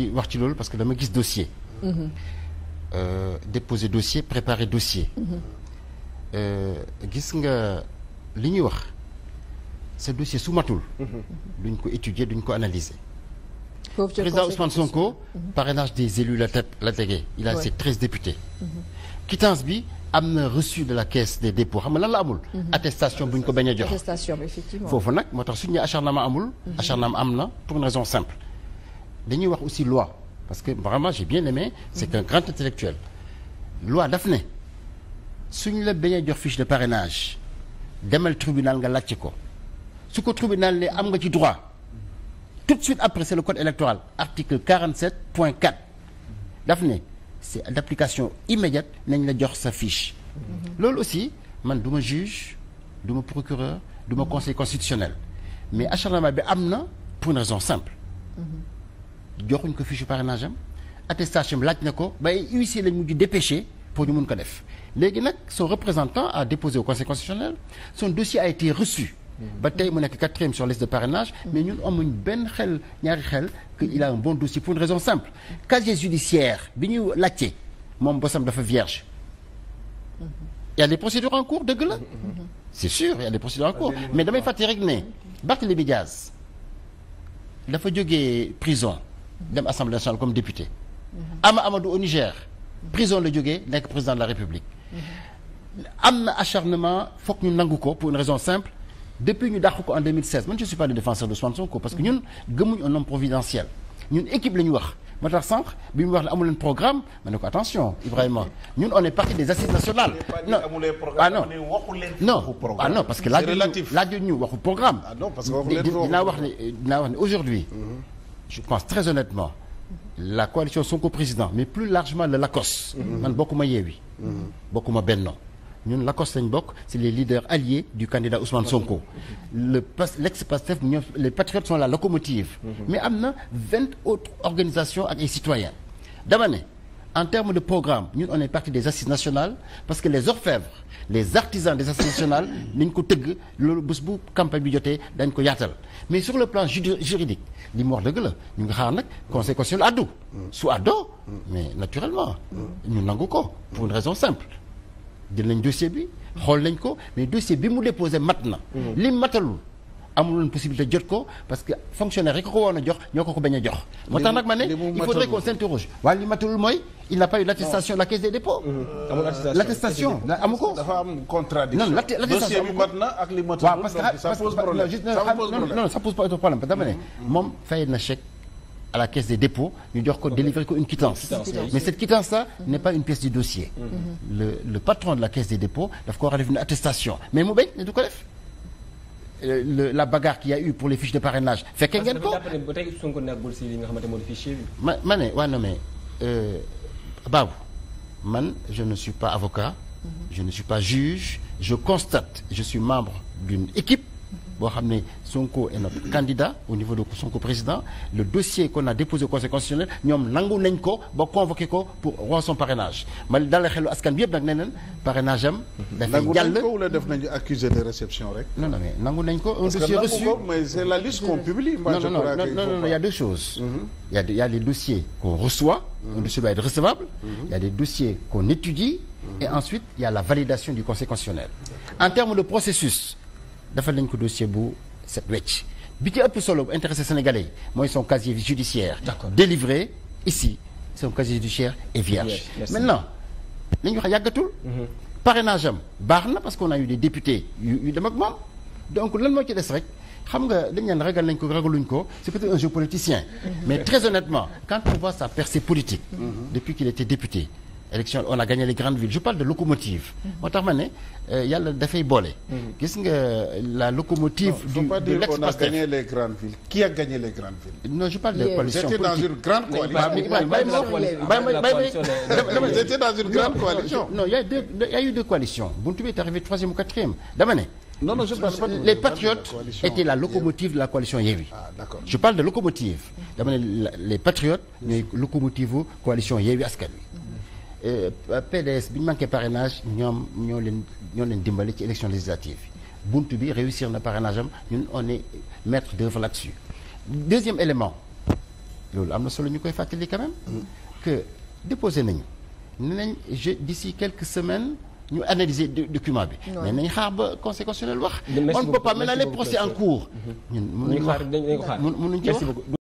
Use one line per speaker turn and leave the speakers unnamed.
di wax ci loolu parce que dama gis dossier. Mhm. Euh, déposer dossier préparer dossier. Mhm. Euh, gis nga li ñuy wax sa dossier su matul. Mhm. duñ ko étudier duñ ko analyser. président Ousmane Sonko. parrainage des élus la teg la tegee. il a ses treize députés. quittance bi am na reçu de la caisse des dépôts xam nga lan la amul. attestation bu ñu ko bañ a jox. attestation nag moo tax suñu acharnement amul. acharnement am na pour une raison simple. dañuy wax aussi loi parce que vraiment j'ai bien aimé c'est un grand intellectuel loi daf ne suñ la bañ jox fiche de parrainage demal tribunal nga laajte ko su ko tribunal ne am nga ci droit tout de suite après c'est le code électoral article 47 point 4 daf ne c'est d'application immédiate nañ la jox sa fiche loolu aussi man du ma juge du ma procureur du ma conseil constitutionnel mais acharnement bi am na pour une raison simple joxuñ ko fiche parrainage am attestation bi laaj na ko ba ay huissier mu mujj dépêché pour ñu mun ko def léegi nag son représentant a déposé au conseil constitutionnel son dossier a été reçu. Mmh. ba tey mu nekk quatrième sur liste de parrainage. Mmh. mais ñun amuñ benn xel ñaari xel que il a un bon dossier pour une raison simple. casier judiciaire bi ñu laajte moom bosam dafa vierge. Mmh. il y a des en cours dëgg la. c'est sûr il y a des en cours mais damay fàttali rek ne Barthélémy Diaz dafa jógee prison. dem assemblée nationale comme député. Ama Amadou au Niger. prison la jógee nekk président de la république. am na acharnement foog ñu nangu ko pour une raison simple. depuis ñu dàq ko en 2016 je suis pas le défenseur de Ousmane Sonko parce que ñun gëmuñu un homme providentiel ñun équipe la ñu wax ma tax sànq bi wax ne amu programme ma ne attention Ibrahima ñun on est parti des assises nationales. non ah, ah non parce que laaj ñu laaj ñu waxu programme. Ah, je pense très honnêtement la coalition Sonko président mais plus largement le LACOS. man bokkuma Yewwi. ben Benno ñun LACOS lañ bokk c'est les leaders alliés du candidat Ousmane Sonko. le pas l'ex-Pastef ñoom les patriotes sont la locomotive. Mhm. mais am na vingt autres organisations ak ay citoyens dama en terme de programme ñun on est parti des assises nationales parce que les orfèvres les artisans des assises nationales nañ ko tëgg loolu bus bu campagne bi jotee dañ ko yaatal mais sur le plan juridique li mu wax dëgg la ñu ngi xaar nag conseil constitutionnel addu su addoo mais naturellement ñu nangu ko pour une raison simple jël nañ dossier bi xool nañ ko mais dossier bi mu déposé mat na mm. li matalul amuloon possibilité jot ko parce que fonctionnaire rek ko ko woon a jox ñoo ko ko bañ a jox. moo tax nag ma ne il faudrait qu'on s'interroge waaye li matalul mooy il n'a pas eu l'attestation de la caisse des dépôts. Mm-hmm. amul euh, attestation l'attestation amu ko. dafa am contradiction non l'attestation amu ko dossier bi mat na ak li matalul. waaw parce que ça pose problème non ça pose pas de problème parce que dama ne mm-hmm. moom fay na chèque. à la caisse des dépôts ñu jox ko délivrer ko une quittance mais cette quittance là mm-hmm. n'est pas une pièce du dossier le le patron de la caisse des dépôts daf ko war a def une attestation mais mu bañ ne du ko def Euh, le la bagarre qu'il y a eu pour les fiches de parrainage fekkee ngeen ko. ba tey Sonko nekkul si li ma ma ne waaw non mais euh, Babou man je ne suis pas avocat. Mhm. je ne suis pas juge. je constate je suis membre d'une équipe. boo xam ne Sonko est notre candidat au niveau de Sonko président le dossier qu'on a déposé au conseil constitutionnel ñoom nangu nañ ko ba convoqué ko pour roi son parrainage ma dala xelu askan bi yëpp nag nee nañ parrainage am. dafay jàll nangu def nañu accusé de réception rek. non non mais nañ ko. un dossier reçu parce que nangu ko mais c'est la non non non il a deux choses. Mm-hmm. il a il dossiers qu'on reçoit. un mm-hmm. dossier doit être recevable. Mm-hmm. il a des dossiers qu'on étudie. et ensuite il y a la validation du conseil constitutionnel. de processus. defal nañ ko dossier bu set wecc bi ci ëpp solo bu intéressé sénégalais yi mooy son casier judiciaire délivré ici son casier judiciaire est vierge yes, maintenant li ñu yàggatul mhm. parrainage baax na parce qu'on a eu des députés yu dem ak moom donc lan moo ci des rek xam nga dañ naan ragal nañ ko ragaluñ ko c'est peut un jeu politicien mhm. mais très honnêtement quand on voit sa percée politique mhm. depuis qu'il était député élection on a gagné les grandes villes je parle de locomotive. Mhm. moo tax ma ne euh, yàlla dafay boole. Mhm. gis nga euh, la locomotive. du de l' on a gagné les grandes a gagné les grandes villes. non je a deux a eu deux coalitions Buntu bi est arrivé troisième ou quatrième dama les patriotes étaient la locomotive de la coalition Yewwi. Ah, je parle de locomotive. dama les patriotes ñooy locomotive coalition Yewwi Askan Wi. Euh, euh, PDS bi ñu manqué parrainage ñoom ñoo leen ñoo leen dimbali ci élection législative bunt bi réussir na parrainage am ñun on est maître d'œuvre là-dessus deuxième élément loolu am na solo ñu koy fàttali quand même mm. que déposé nañu ne nañ je d'ici quelques semaines ñu analyser document bi. mais nañ xaar ba conseil wax. on ne peut pas maintenant procès en cours. Mm-hmm. ñun mënuñu ko wax mënuñu ko wax.